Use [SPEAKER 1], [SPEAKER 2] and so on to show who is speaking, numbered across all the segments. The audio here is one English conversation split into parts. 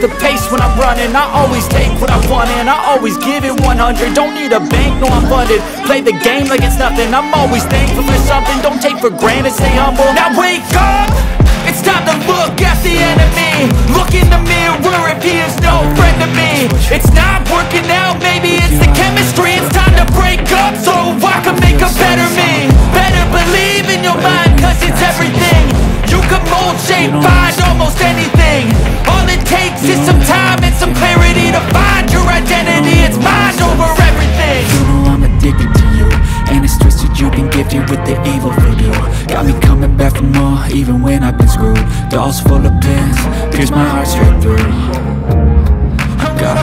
[SPEAKER 1] the pace when I'm running I always take what I want and I always give it 100 Don't need a bank, no I'm funded Play the game like it's nothing I'm always thankful for something Don't take for granted, stay humble Now wake up! It's time to look at the enemy Look in the mirror if he is no friend to me It's not working out, maybe it's the chemistry It's time to break up so I can make a better me Better believe in your mind cause it's everything You can mold, shape, find almost anything takes is some time and some clarity to find your identity. It's mind over everything. You know I'm addicted to you, and it's twisted. You've been gifted with the evil voodoo. Got me coming back for more, even when I've been screwed. Dolls full of pins, pierce my heart straight through. Got a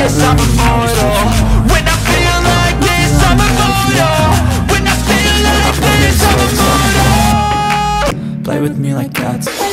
[SPEAKER 1] this, I'm immortal When I feel like this, I'm immortal When I feel like this, I'm immortal Play with me like cats